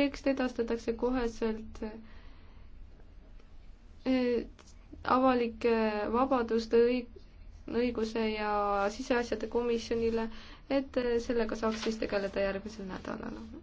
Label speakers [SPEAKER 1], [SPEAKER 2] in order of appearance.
[SPEAKER 1] tekst edastatakse koheselt avalike vabaduste õig-, õiguse ja siseasjade komisjonile, et sellega saaks siis tegeleda järgmisel nädalal.